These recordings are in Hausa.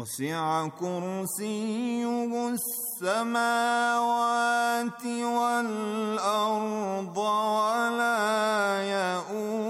وسع كرسيه السماوات والارض ولا يئوس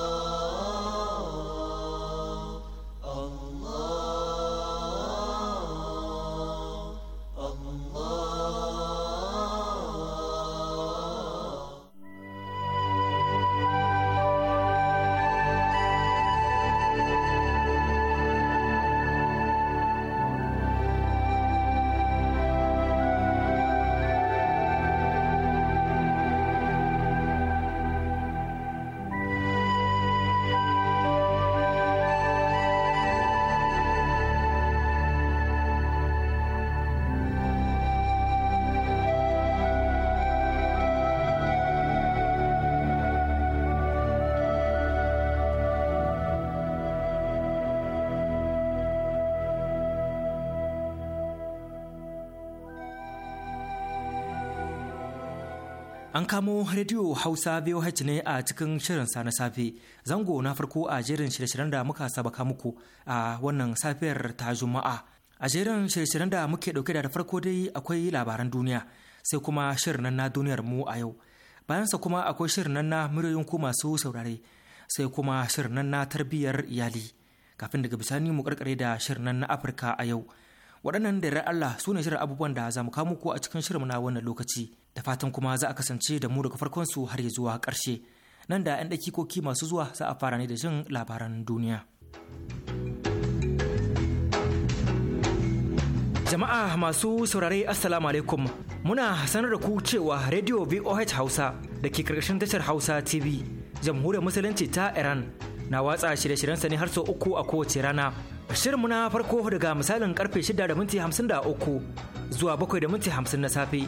An kamo rediyo Hausa VOH ne a cikin shirin sa na safe. Zango na farko a jerin shirye-shiryen da muka sabaka muku a wannan safiyar ta Juma'a. A jerin shirye-shiryen da muke dauke da farko dai akwai labaran duniya, sai kuma shirin na duniyar mu a yau. Bayansa kuma akwai shirin na muryoyin ku masu saurare, sai kuma shirin na tarbiyyar iyali. Kafin daga bisani mu karkare da shirin na Afirka a yau. Waɗannan da Allah su ne shirin abubuwan da za mu kawo muku a cikin shirin na wannan lokaci. da fatan kuma za a kasance da mu daga farkon su har ya zuwa ƙarshe nan da 'yan dakikoki masu zuwa za a fara ne da jin labaran duniya jama'a masu saurare assalamu alaikum muna sanar da ku cewa radio voh hausa da ke karkashin tashar hausa tv jamhuriyar musulunci ta iran na watsa shirye-shiryen ne har sau uku a kowace rana shirinmu muna farko daga misalin karfe 6 da minti 53 zuwa 7 da minti 50 na safe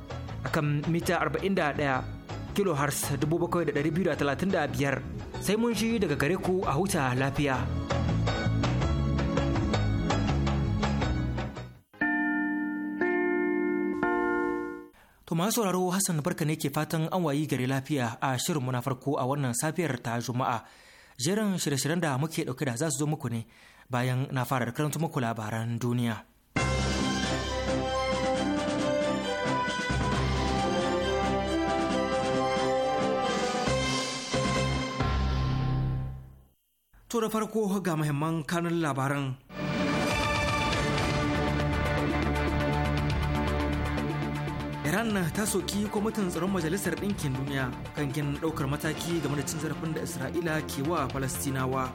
kan mita 41 kilohertz 7,235 sai mun shi daga gare ku a huta lafiya. To masu sauraro Hassan barka ne ke fatan an wayi gari lafiya a shirin na farko a wannan safiyar ta Juma'a. Jerin shirye-shiryen da muke dauke da za su zo muku ne bayan na fara karanta muku labaran duniya. To da farko ga mahimman kanun labaran. Iran ta soki kwamitin tsaron Majalisar Ɗinkin Duniya kan gin ɗaukar mataki game da cin zarafin da Isra'ila ke wa Falastinawa.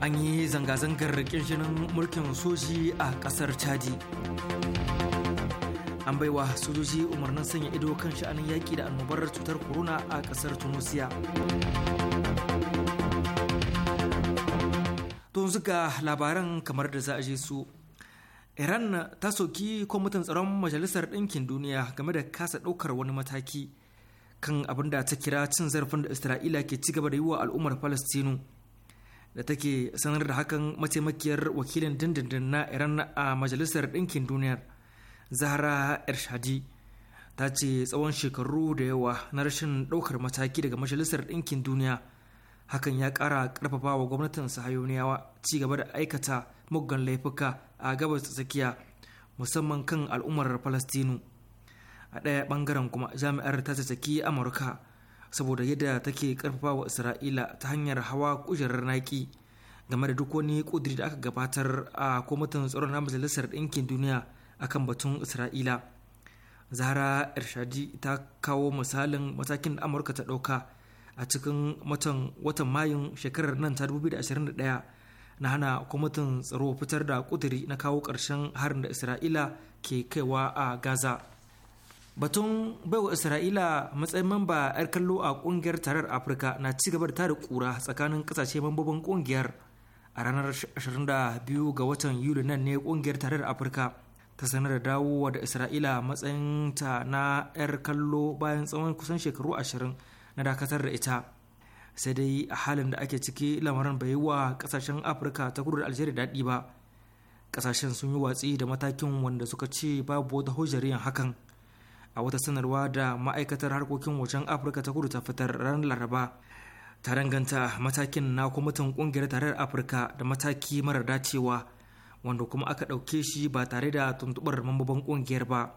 An yi zanga-zangar ƙirjinin mulkin soji a ƙasar Chadi. An baiwa sojoji umarnin sanya ido kan sha'anin yaƙi da annobar cutar corona a ƙasar Tunusiya. yanzu ga labaran kamar da za a je su iran ta soki kwamitin tsaron majalisar ɗinkin duniya game da kasa ɗaukar wani mataki kan abin da ta kira cin zarafin da isra'ila ke ci gaba da yi wa al'ummar palestinu da take sanar da hakan mataimakiyar wakilin dindindin na iran a majalisar ɗinkin duniya zahra ershadi ta ce tsawon shekaru da yawa na rashin ɗaukar mataki daga majalisar ɗinkin duniya hakan ya ƙara ƙarfafa wa gwamnatin sahayoniyawa ci gaba da aikata muggan laifuka a gabas ta tsakiya musamman kan al'ummar falastinu a ɗaya ɓangaren kuma jami'ar ta tsaki amurka saboda yadda take karfafa wa isra'ila ta hanyar hawa kujerar naki game da duk wani kudiri da aka gabatar a kwamitin tsaron na majalisar ɗinkin duniya akan batun isra'ila zahra irshadi ta kawo misalin matakin da amurka ta ɗauka a cikin watan mayun shekarar nan ta 2021 na hana kwamitin tsaro fitar da kuduri na kawo ƙarshen harin da isra'ila ke kaiwa a gaza batun baiwa isra'ila matsayin mamba 'yar kallo a kungiyar tarar afirka na cigaba da tada kura tsakanin kasashe mambobin kungiyar a ranar 22 ga watan yuli nan ne kungiyar tarar afirka ta sanar da dawowa da isra'ila matsayin ta na 'yar kallo bayan tsawon kusan shekaru 20 na dakatar da ita sai dai a halin da ake ciki lamarin bai yi wa kasashen afirka ta kudu da algeria daɗi ba kasashen sun yi watsi da matakin wanda suka ce babu wata hujjariyan hakan a wata sanarwa da ma'aikatar harkokin wajen afirka ta kudu ta fitar ranar laraba ta danganta matakin na kwamitin kungiyar tarayyar afirka da mataki marar dacewa wanda kuma aka ɗauke shi ba tare da tuntuɓar mambobin kungiyar ba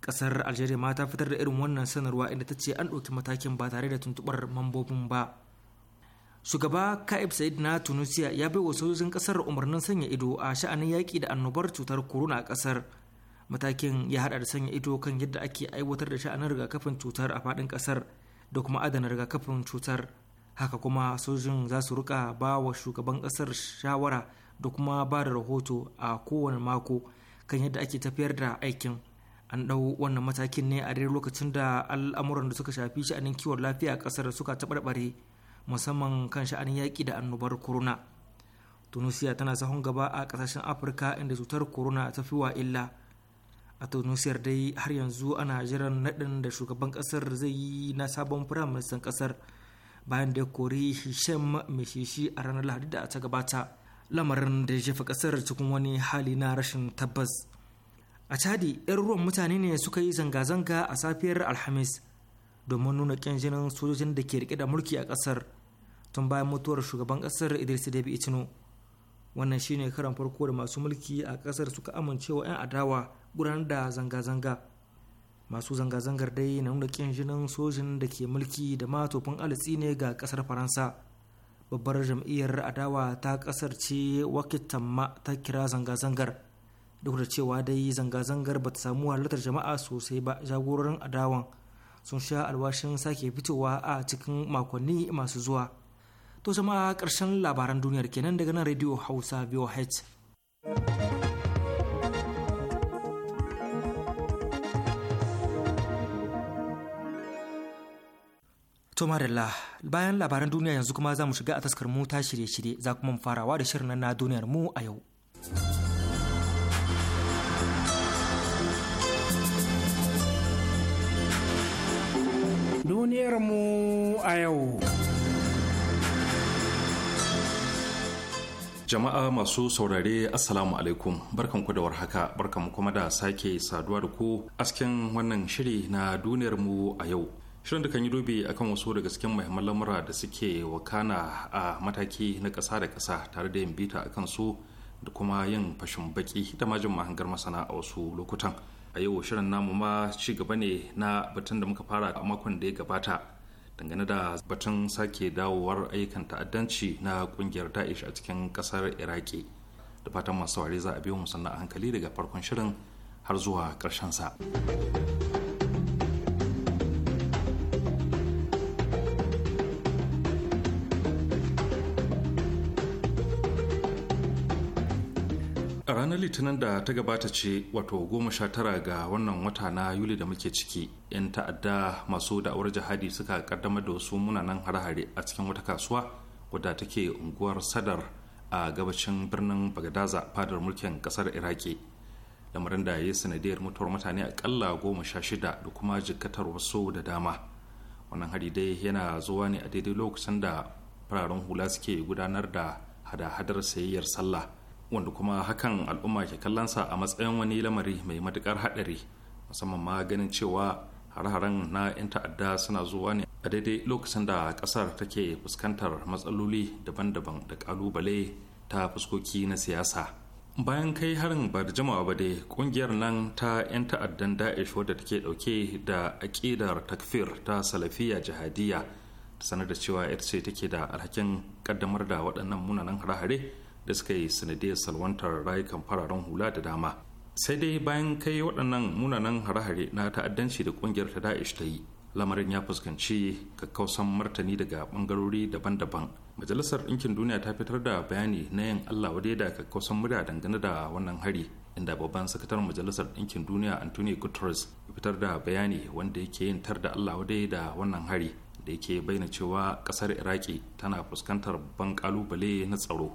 kasar algeria ma ta fitar da irin wannan sanarwa inda ta ce an ɗauki matakin ba tare da tuntuɓar mambobin ba shugaba ka'ib sa'id na tunisia ya bai wa sojojin kasar umarnin sanya ido a sha'anin yaƙi da annobar cutar corona a kasar matakin ya haɗa da sanya ido kan yadda ake aiwatar da sha'anin rigakafin cutar a faɗin kasar da kuma adana rigakafin cutar haka kuma sojojin za su rika ba wa shugaban kasar shawara da kuma ba da rahoto a kowane mako kan yadda ake tafiyar da aikin an ɗau wannan matakin ne a dare lokacin da al'amuran da suka shafi sha'anin kiwon lafiya a ƙasar suka taɓarɓare musamman kan sha'anin yaƙi da annobar corona tunisia tana sahun gaba a ƙasashen afirka inda cutar corona ta fi wa illa a tunisiyar dai har yanzu ana jiran naɗin da shugaban ƙasar zai yi na sabon firaministan ƙasar bayan da ya kori hisham mishishi a ranar lahadi da ta gabata lamarin da ya jefa ƙasar cikin wani hali na rashin tabbas a chadi 'yan ruwan mutane ne suka yi zanga-zanga a safiyar alhamis domin nuna kyan jinin sojojin da ke rike da mulki a kasar tun bayan mutuwar shugaban kasar idris debi itinu wannan shine karan farko da masu mulki a kasar suka amincewa 'yan adawa gudanar da zanga-zanga masu zanga-zangar dai na nuna kyan jinin sojin da ke mulki da ma tofin alitsi ne ga kasar faransa babbar jam'iyyar adawa ta kasar ce wakitamma ta kira zanga-zangar duk da cewa dai zanga-zangar ba ta samu halartar jama'a sosai ba jagororin adawan sun sha alwashin sake fitowa a cikin makonni masu zuwa to jama'a ƙarshen labaran duniyar kenan daga nan radio hausa voh To bayan labaran duniya yanzu kuma za mu shiga a taskar mu ta shirye-shirye za kuma mu farawa da shirin na duniyar mu a yau. duniyarmu a yau. Jama'a masu saurare Assalamu alaikum ku da warhaka mu kuma da sake saduwa da ku a wannan shiri na duniyarmu a yau. Shirin da kan yi dubi akan wasu daga cikin muhimman lamura da suke wakana a mataki na ƙasa da ƙasa tare da yin bita akan su da kuma yin fashin baki da majin mahangar masana a wasu lokutan. a yau shirin namu ma ci gaba ne na batun da muka fara a makon da ya gabata dangane da batun sake dawowar ayyukan ta'addanci na kungiyar da'ish a cikin kasar iraki da fatan masu wari za a biyo musamman a hankali daga farkon shirin har zuwa karshen sa. litinin da ta gabata ce wato goma sha tara ga wannan wata na yuli da muke ciki 'yan ta'adda masu da'awar jihadi suka kaddamar da wasu munanan hare-hare a cikin wata kasuwa wadda take unguwar sadar a gabacin birnin bagadaza fadar mulkin kasar iraki lamarin da ya sanadiyar mutuwar mutane akalla goma sha shida da kuma jikatar wasu da dama wannan hari dai yana zuwa ne a daidai lokacin da fararen hula suke gudanar da hada-hadar sayayyar sallah wanda kuma hakan al'umma ke kallonsa a matsayin wani lamari mai matukar haɗari musamman ma ganin cewa hare-haren na 'yan ta'adda suna zuwa ne a daidai lokacin da ƙasar take fuskantar matsaloli daban-daban da ƙalubale ta fuskoki na siyasa. bayan kai harin ba da jama'a ba dai kungiyar nan ta 'yan ta'addan da'ish wadda take dauke da aƙidar takfir ta salafiya jihadiyya ta sanar da cewa ita ce take da alhakin kaddamar da waɗannan munanan hare-hare da suka yi sanadiyar salwantar rayukan fararen hula da dama sai dai bayan kai waɗannan munanan hare-hare na ta'addanci da ƙungiyar ta da'ish ta yi lamarin ya fuskanci kakkausan martani daga ɓangarori daban-daban majalisar ɗinkin duniya ta fitar da bayani na yin allah wadai da kakkausan murya dangane da wannan hari inda babban sakatar majalisar ɗinkin duniya anthony guterres ya fitar da bayani wanda yake yin tar da allah wadai da wannan hari da yake bayyana cewa ƙasar iraki tana fuskantar babban ƙalubale na tsaro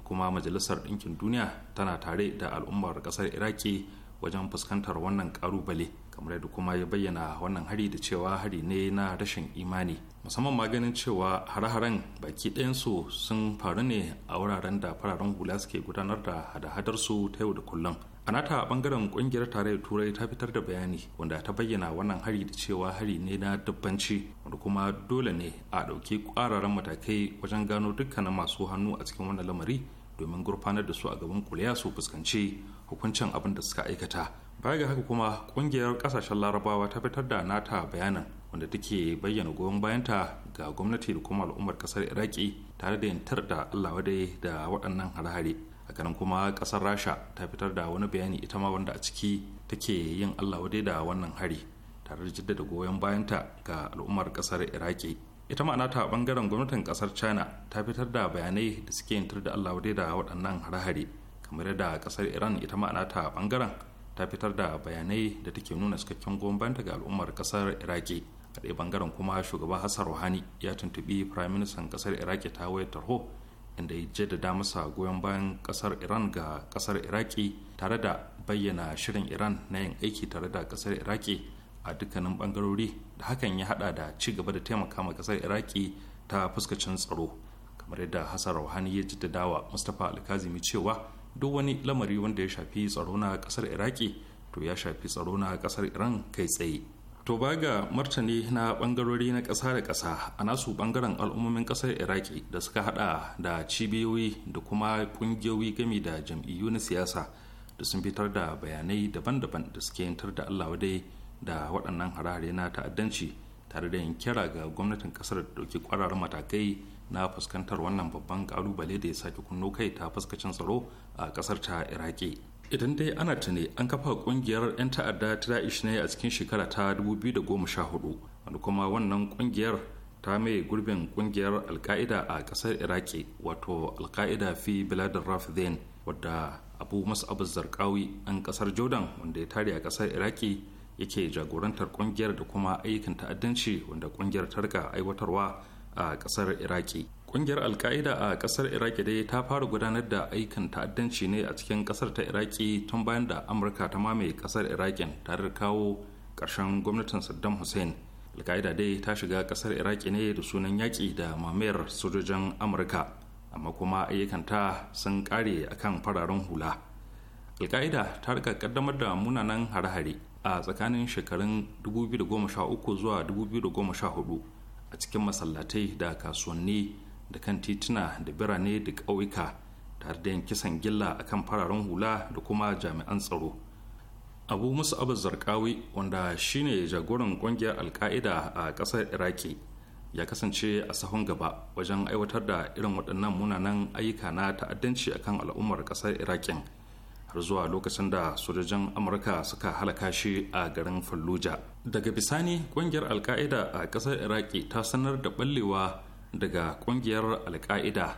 kuma majalisar ɗinkin duniya tana tare da al'ummar ƙasar iraki wajen fuskantar wannan ƙalubale kamar yadda kuma ya bayyana wannan hari da cewa hari ne na rashin imani musamman maganin cewa hare-haren baki ɗayansu sun faru ne a wuraren da fararen hula suke gudanar da hada-hadarsu ta yau da kullum a nata bangaren kungiyar tarayyar turai ta fitar da bayani wanda ta bayyana wannan hari da cewa hari ne na dabbanci wanda kuma dole ne a ɗauki ƙwararren matakai wajen gano dukkanin masu hannu a cikin wannan lamari domin gurfanar da su a gaban kuliya su fuskanci hukuncin abin da suka aikata baya ga haka kuma kungiyar kasashen larabawa ta fitar da nata bayanin wanda take bayyana goyon bayanta ga gwamnati da kuma al'ummar kasar iraki tare da yantar da allah wadai da waɗannan hare-hare hakanan kuma kasar rasha ta fitar da wani bayani ita ma wanda a ciki take yin allah wade da wannan hari tare da jaddada goyon bayanta ga al'ummar kasar iraki ita ma'ana ta bangaren gwamnatin kasar china ta fitar da bayanai da suke yin da allah wade da waɗannan hare-hare kamar yadda kasar iran ita ma'ana ta bangaren ta fitar da bayanai da take nuna cikakken goyon bayanta ga al'ummar kasar iraki a ɗaya bangaren kuma shugaba hassan ruhani ya tuntubi ministan kasar iraki ta wayar tarho inda ya jaddada masa goyon bayan kasar iran ga kasar iraki tare da bayyana shirin iran na yin aiki tare da kasar iraki a dukkanin bangarori da hakan ya hada da ci gaba da taimaka ma kasar iraki ta fuskacin tsaro kamar yadda hasar rauhani ya jaddada wa mustapha alkazimi cewa duk wani lamari wanda ya shafi tsaro na kasar iraki to ya shafi tsaro na kasar iran kai tsaye to ba ga martani na bangarori na ƙasa da ƙasa a nasu bangaren al'ummomin ƙasar iraki da suka hada da cibiyoyi da kuma ƙungiyoyi gami da jam'iyyu na siyasa da sun fitar da bayanai daban-daban da suke yantar da allah dai da waɗannan harare na ta'addanci tare da yin kira ga gwamnatin ƙasar da ɗauki ƙwararren matakai na fuskantar wannan babban ƙalubale da ya sake kunno kai ta fuskacin tsaro a ƙasar ta iraki idan dai ana tuni an kafa kungiyar 'yan ta'adda ta da'ish ne a cikin shekara ta 2014 wanda kuma wannan kungiyar ta mai gurbin kungiyar alka'ida a kasar iraki wato alka'ida fi biladar rafidin wadda abu abu zarkawi an kasar jordan wanda ya tare a kasar iraki yake jagorantar kungiyar da kuma ayyukan ta'addanci wanda kungiyar ta rika aiwatarwa a kasar iraki Ƙungiyar alka'ida a ƙasar iraki dai ta fara gudanar da aikin ta'addanci ne a cikin ƙasar ta iraki tun bayan da amurka ta mamaye ƙasar irakin tare da kawo ƙarshen gwamnatin saddam hussein alka'ida dai ta shiga ƙasar iraki ne da sunan yaƙi da mamayar sojojin amurka amma kuma ayyukanta sun ƙare akan fararen hula alka'ida ta rika ƙaddamar da munanan hare-hare a tsakanin shekarun 2013 zuwa 2014 a cikin masallatai da kasuwanni da kan tituna da birane da ƙauyuka tare da yin kisan gilla akan fararen hula da kuma jami'an tsaro abu musu abu zarkawi wanda shine jagoran ƙungiyar alka'ida a ƙasar iraki ya kasance a sahun gaba wajen aiwatar da irin waɗannan munanan ayyuka na ta'addanci a kan al'ummar ƙasar Iraki har zuwa lokacin da sojojin amurka suka halaka shi a garin fallujah daga bisani ƙungiyar alka'ida a ƙasar iraki ta sanar da ɓallewa daga kungiyar alka'ida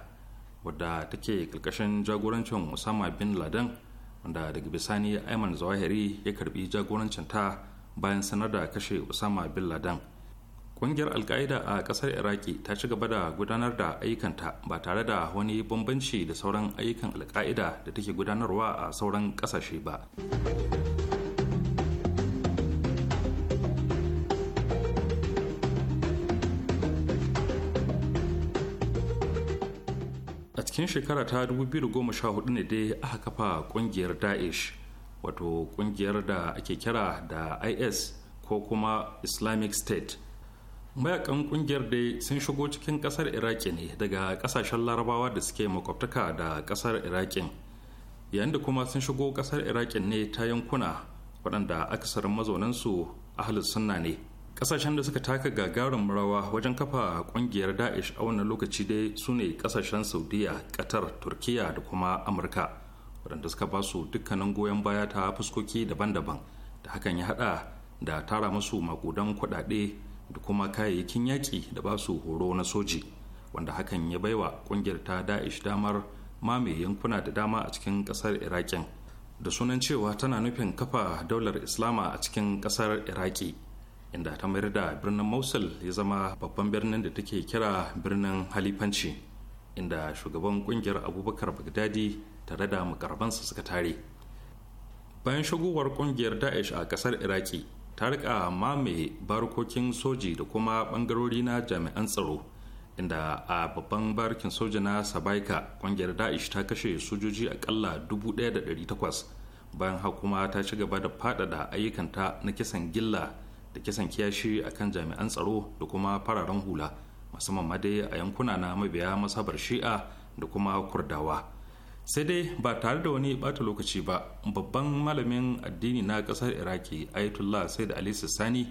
wadda take karkashin jagorancin usama bin laden wanda daga bisani Ayman zawahiri ya karbi jagorancin ta bayan sanar da kashe usama bin laden kungiyar alka'ida a kasar iraki ta ci gaba da gudanar da ayyukanta ba tare da wani bambanci da sauran ayyukan alka'ida da take gudanarwa a sauran kasashe ba cikin shekara ta 2014 ne dai aka kafa kungiyar daesh wato kungiyar da ake kira da is ko kuma islamic state mayakan kungiyar dai sun shigo cikin kasar iraki ne daga kasashen larabawa da suke makwabtaka da kasar irakin yayin da kuma sun shigo kasar irakin ne ta yankuna waɗanda akasarin mazaunansu ahalus sunna ne kasashen da suka taka gagarin rawa wajen kafa kungiyar daesh a wannan lokaci dai su ne kasashen saudiya qatar turkiya da kuma amurka waɗanda suka ba su dukkanin goyon baya ta fuskoki daban-daban da hakan ya haɗa da tara masu makudan kuɗaɗe da kuma kayayyakin yaƙi da ba su horo na soji wanda hakan ya baiwa kungiyar ta daesh damar mamaye yankuna da dama a cikin ƙasar iraƙin da sunan cewa tana nufin kafa daular islama a cikin ƙasar iraki inda ta mayar da birnin mosul ya zama babban birnin da take kira birnin halifanci inda shugaban kungiyar abubakar bagdadi tare da makarabansa suka tare bayan shagowar kungiyar daesh a kasar iraki ta rika mamaye barkokin soji da kuma bangarori na jami'an tsaro inda a babban barkin soja na sabaika kungiyar daesh ta kashe sojoji akalla 1800 bayan kuma ta ci gaba da fadada ayyukanta na kisan gilla da kisan kiyashi a kan jami'an tsaro da kuma fararen hula musamman ma dai a yankuna na mabiya masabar shi'a da kuma kurdawa sai dai ba tare da wani bata lokaci ba babban malamin addini na kasar iraki ayatollah said ali sani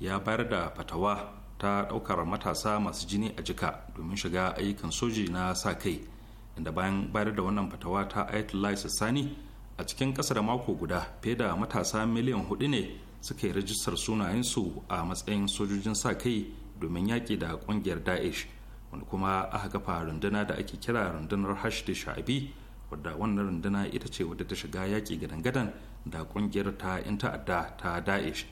ya bayar da fatawa ta daukar matasa masu jini a jika domin shiga ayyukan soji na sa kai inda bayan bayar da wannan fatawa ta ayatollah sani a cikin da mako guda fiye da matasa miliyan hudu ne suka yi rajistar sunayensu a matsayin sojojin sa kai domin yaƙi da ƙungiyar daesh wani kuma aka kafa runduna da ake kira rundunar hash da sha'abi wadda wannan runduna ita ce wadda ta shiga yaƙi gadan-gadan da ƙungiyar ta 'yan ta'adda ta daesh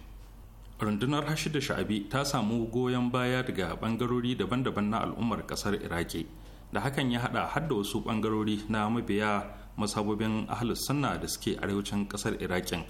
rundunar hash da sha'abi ta samu goyon baya daga ɓangarori daban-daban na al'ummar ƙasar iraki da hakan ya haɗa, har da wasu ɓangarori na mabiya masabobin ahlus sunna da suke arewacin ƙasar irakin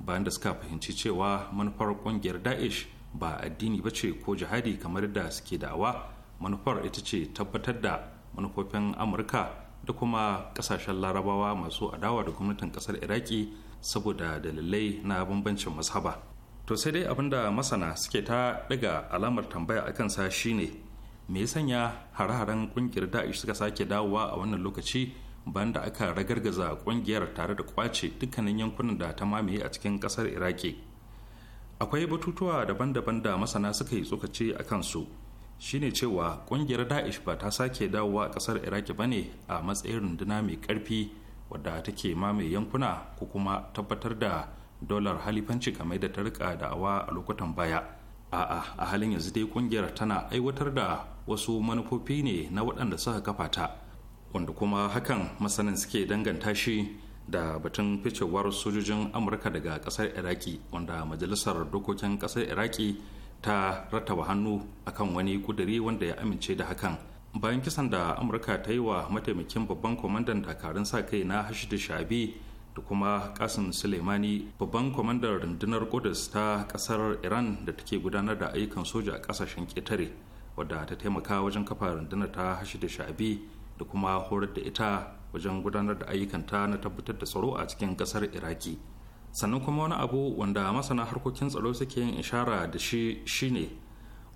bayan da suka fahimci cewa manufar kungiyar daesh ba addini ba ce ko jihadi kamar da suke da'awa manufar ita ce tabbatar da manufofin amurka da kuma kasashen larabawa masu adawa da gwamnatin kasar iraki saboda dalilai na bambancin mazhaba to sai dai abinda masana suke ta daga alamar tambaya akan sa shine me ya sanya hare-haren kungiyar daesh suka sake dawowa a wannan lokaci Banda da aka ragargaza kungiyar tare da kwace dukkanin yankunan da ta mamaye a cikin kasar iraki akwai batutuwa daban-daban da masana suka yi tsokaci a kansu shine cewa kungiyar da'ish ba ta sake dawowa a kasar iraki ba ne a matsayin runduna mai karfi wadda take mamaye yankuna ko kuma tabbatar da dolar halifanci kamar da ta rika da'awa a lokutan baya a'a a halin yanzu dai kungiyar tana aiwatar da wasu manufofi ne na waɗanda suka kafa ta wanda kuma hakan masanin suke danganta shi da batun ficewar sojojin amurka daga kasar iraki wanda majalisar dokokin kasar iraki ta rattaba hannu akan wani ƙudiri wanda ya amince da hakan bayan kisan da amurka ta yi wa mataimakin babban kwamandan dakarun sa kai na hashidu shabi da kuma kasim suleimani babban kwamandan rundunar kudus ta kasar iran da take gudanar da ayyukan soja a kasashen ketare wadda ta taimaka wajen kafa rundunar ta hashidu shabi da kuma horar da ita wajen gudanar da ayyukanta na tabbatar da tsaro a cikin kasar iraki sannan kuma wani abu wanda masana harkokin tsaro suke yin ishara da shi shine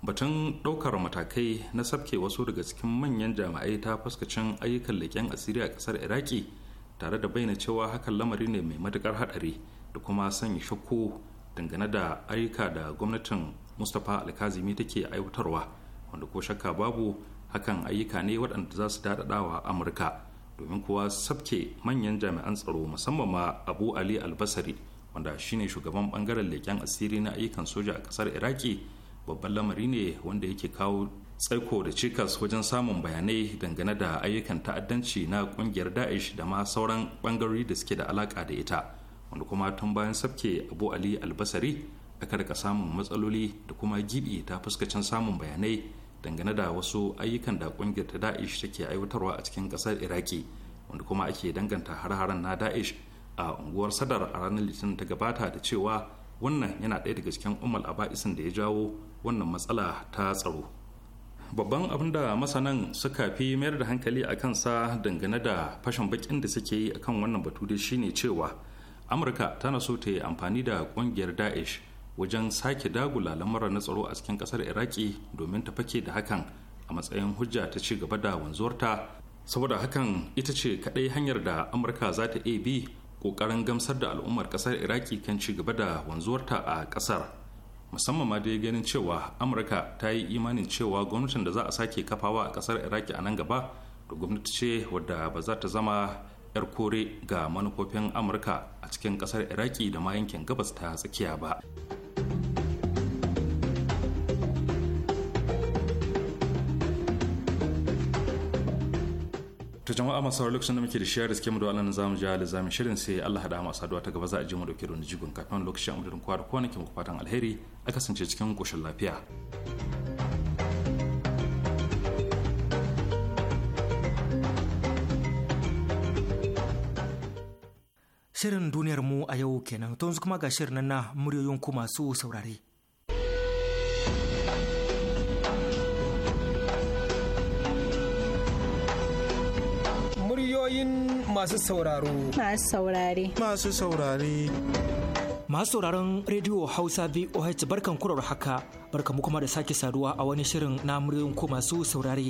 batun ɗaukar matakai na sabke wasu daga cikin manyan jami'ai ta fuskacin ayyukan leƙen asiri a ƙasar iraki tare da bayyana cewa hakan lamari ne mai matuƙar haɗari da kuma sanya shakku dangane da ayyuka da gwamnatin mustapha alkazimi take aiwatarwa wanda ko shakka babu hakan ayyuka ne waɗanda za su daɗaɗawa amurka domin kuwa sabke manyan jami'an tsaro musamman ma abu ali albasari wanda shine shugaban bangaren leƙen asiri na ayyukan soja a ƙasar iraki babban lamari ne wanda yake kawo tsaiko da cikas wajen samun bayanai dangane da ayyukan ta'addanci na kungiyar da'ish da ma sauran bangarori da suke da alaka da ita wanda kuma tun bayan sabke abu ali albasari aka rika samun matsaloli da kuma gibi ta fuskacin samun bayanai dangane da wasu ayyukan da kungiyar ta da'ish take aiwatarwa a cikin kasar iraki wanda kuma ake danganta har-haren na da'ish a unguwar sadar a ranar litinin ta gabata da cewa wannan yana ɗaya daga cikin umar aba'isin da ya jawo wannan matsala ta tsaro babban abin da masanan suka fi mayar da hankali a kansa dangane da fashin bakin da suke yi akan wannan batu dai shine cewa amurka tana so ta yi amfani da kungiyar daesh wajen sake dagula lamura na tsaro a cikin kasar iraki domin ta fake da hakan a matsayin hujja ta ci gaba da wanzuwarta saboda hakan ita ce kadai hanyar da amurka za ta iya bi ƙoƙarin gamsar da al'ummar ƙasar iraki kan ci gaba da wanzuwarta a ƙasar musamman ma dai ganin cewa amurka ta yi imanin cewa gwamnatin da za a sake kafawa a ƙasar iraki a nan gaba da gwamnati ce wadda ba za ta zama 'yar kore ga manufofin amurka a cikin ƙasar iraki da ma yankin gabas ta tsakiya ba. to jama'a masu sauran lokacin da muke da shiyar da mu da wannan zamu ji da zamu shirin sai Allah hada mu saduwa ta gaba za a je mu dauke da wani jigon kafin lokacin amurin kwar kwanakin muku fatan alheri a kasance cikin koshin lafiya. Shirin duniyar mu a yau kenan to yanzu kuma ga shirin na muryoyin ku masu saurare. Muryoyin masu sauraro. Masu saurare. Masu saurare. Masu sauraron rediyo Hausa VOH barkan kurar haka barkan mu kuma da sake saduwa a wani shirin na muryoyin ku masu saurare.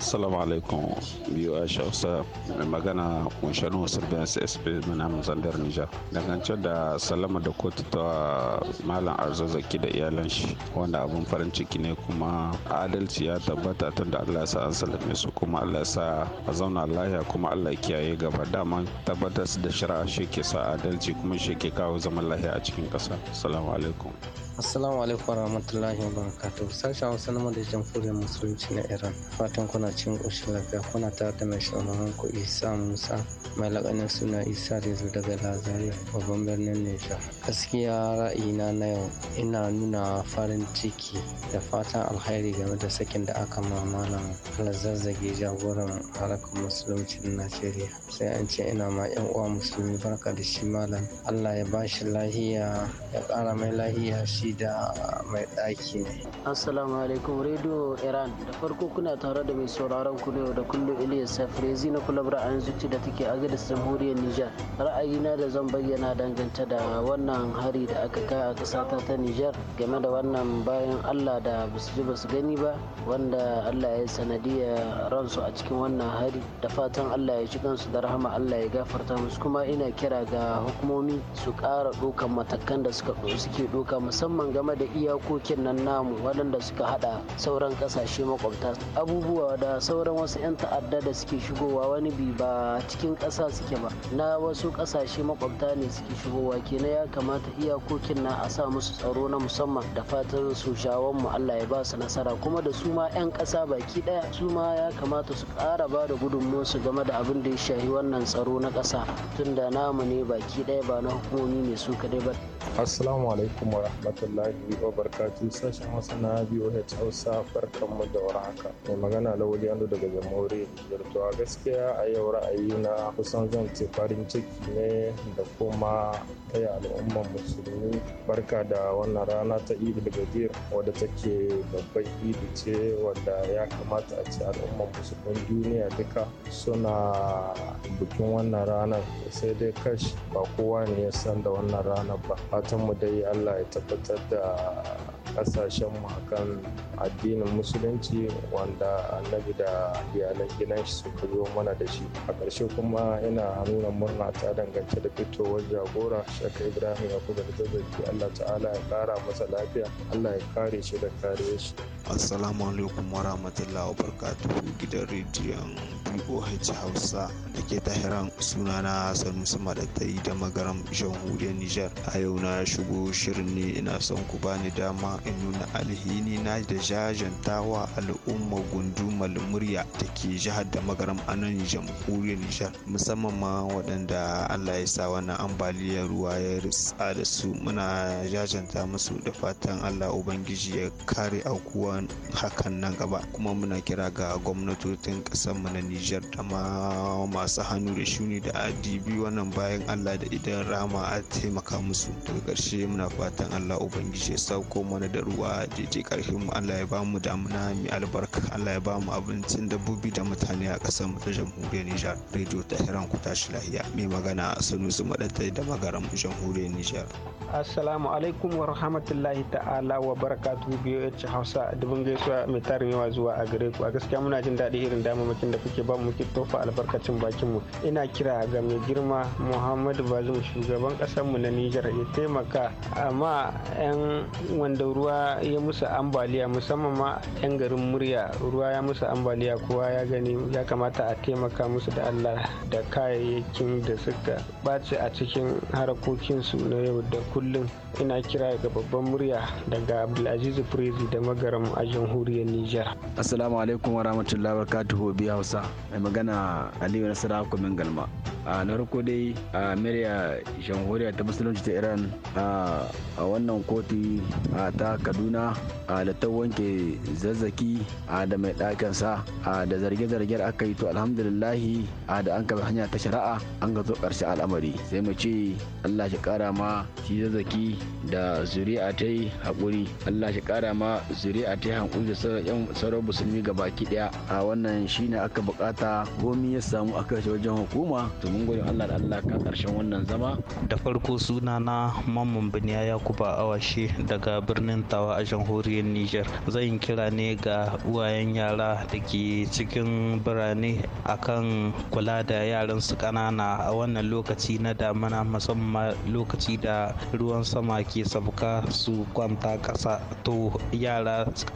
salamu alaikum biyu a shausa mai magana kunshen wasu bayan csp mana mazandar nijar dangance da salama da kotu ta malam arzazzaki da iyalan shi wanda abun farin ciki ne kuma adalci ya tabbata tun da allah sa an salame su kuma allah sa a zauna lahiya kuma allah kiyaye gaba dama tabbatar da shari'a shi ke sa adalci kuma shi ke kawo zaman lahiya a cikin ƙasa salamu alaikum Assalamu alaikum warahmatullahi wabarakatuh. Sashen Hausa na madajin Jamhuriyar Musulunci na Iran. Fatan kuna cin ƙoshin lafiya kuna tare da mai shugaban ku Isa Musa mai lakanin suna Isa Rezu daga Lazariya babban birnin Nijar. Gaskiya ra'ayina na yau ina nuna farin ciki da fatan alkhairi game da sakin da aka ma malam zazzage jagoran harakar musulunci na Najeriya. Sai an ce ina ma 'yan uwa musulmi barka da shi malam. Allah ya bashi lahiya ya ƙara mai lahiya shi da mai ɗaki ne. Assalamu alaikum Radio Iran da farko kuna tare da mai sauraron ku yau da kullum Ilyas Safrezi na kulabar ra'ayin zuci da take a gadis jamhuriyar Nijar. Ra'ayina da zan bayyana danganta da wannan hari da aka kai a ƙasata ta Nijar game da wannan bayan Allah da basu ji basu gani ba wanda Allah ya sanadiya ransu a cikin wannan hari da fatan Allah ya ci kansu da rahama Allah ya gafarta musu kuma ina kira ga hukumomi su ƙara ɗaukan matakan da suka suke ɗauka musamman musamman game da iyakokin nan namu waɗanda suka hada sauran ƙasashe makwabta abubuwa da sauran wasu 'yan ta'adda da suke shigowa wani bi ba cikin ƙasa suke ba na wasu ƙasashe makwabta ne suke shigowa kenan ya kamata iyakokin na a sa musu tsaro na musamman da fatan su shawon mu Allah ya ba su nasara kuma da su ma 'yan ƙasa baki ɗaya su ma ya kamata su ƙara ba da su game da abin da ya shahi wannan tsaro na ƙasa tunda namu ne baki ɗaya ba na hukumomi ne su kadai ba. Assalamu alaikum wa rahmatullahi wa barkatu sashen hausa na boh hausa farkon mu da waraka mai magana lawali ando daga Jamhuri, niger a gaskiya a yau ra'ayi na kusan zan ce farin ciki ne da kuma taya al'umman musulmi barka da wannan rana ta daga gabir wadda take babban idi ce wadda ya kamata a ce al'umman musulmin duniya duka suna bikin wannan ranar sai dai kashi. ba kowa ne ya san da wannan ranar ba fatan mu dai allah ya tabbata. fuskantar da kasashen mu akan addinin musulunci wanda annabi da iyalan gidan shi suka zo mana da shi a ƙarshe kuma ina nuna murna ta dangance da fitowar jagora shaka ibrahim yakubu da zazzaki allah ta'ala ya kara masa lafiya allah ya kare shi da kare shi assalamu alaikum warahmatullahi wabarakatuh gidan rediyon boh hausa da ke tahiran sunana Hassan madatai da magaram jamhuriyar nijar a yau na shigo shirin ne ina son ku bani dama in nuna alhini na da jajantawa al'umma gundumar murya da ke jihar da magaram a nan jamhuriyar nijar musamman ma waɗanda allah ya sa wannan ambaliyar ruwa ya ritsa da su muna jajanta musu da fatan allah ubangiji ya kare aukuwa hakan nan gaba kuma muna kira ga gwamnatocin ƙasarmu na Nijar da ma masu hannu da shuni da adibi wannan bayan Allah da idan rama a taimaka musu daga ƙarshe muna fatan Allah ubangiji ya sauko mana da ruwa daidai ƙarfin mu Allah ya ba mu damuna mai albarka Allah ya ba mu abincin dabbobi da mutane a ƙasarmu ta jamhuriyar Nijar rediyo ta Hiran ku tashi lahiya mai magana Sanusi Madatai da magaran jamhuriyar Nijar assalamu alaikum wa rahmatullahi ta'ala wa barakatuhu biyo Hausa dubin gaisuwa mai tarin yawa zuwa a gare ku a gaskiya muna jin daɗi irin damamakin da kuke ba mu tofa albarkacin bakin mu ina kira ga mai girma muhammadu bazum shugaban ƙasar mu na niger ya taimaka amma yan wanda ruwa ya musu ambaliya musamman ma yan garin murya ruwa ya musu ambaliya kowa ya gani ya kamata a taimaka musu da allah da kayayyakin da suka ɓace a cikin harakokinsu na yau da kullum ina kira ga babban murya daga abdulaziz prezi da magaram a jamhuriyar Nijar. Assalamu alaikum wa rahmatullahi wa barakatuhu bi Hausa. Mai magana Aliyu Nasara Kumin Galma. a na farko dai a murya jamhuriya ta musulunci ta iran a wannan koti a ta kaduna a da ta wanke zazzaki a da mai ɗakinsa a da zarge-zargen aka yi to alhamdulillahi a da an kaba hanya ta shari'a an ga zo ƙarshe al'amari sai mu ce allah shi ƙara ma shi zazzaki da zuri'a ta yi haƙuri allah shi ƙara ma zuri'a ta yi haƙuri da sauran musulmi gabaki ɗaya a wannan shine aka bukata gomi ya samu a shi wajen hukuma mun Allah da Allah ka karshen wannan zama da farko suna na mamman biniya yakuba awashe daga birnin tawa a jamhuriyar niger zan kira ne ga uwayen yara da ke cikin birane akan kula da yaran su ƙanana a wannan lokaci na damina musamman lokaci da ruwan sama ke sauka su kwanta ƙasa to yara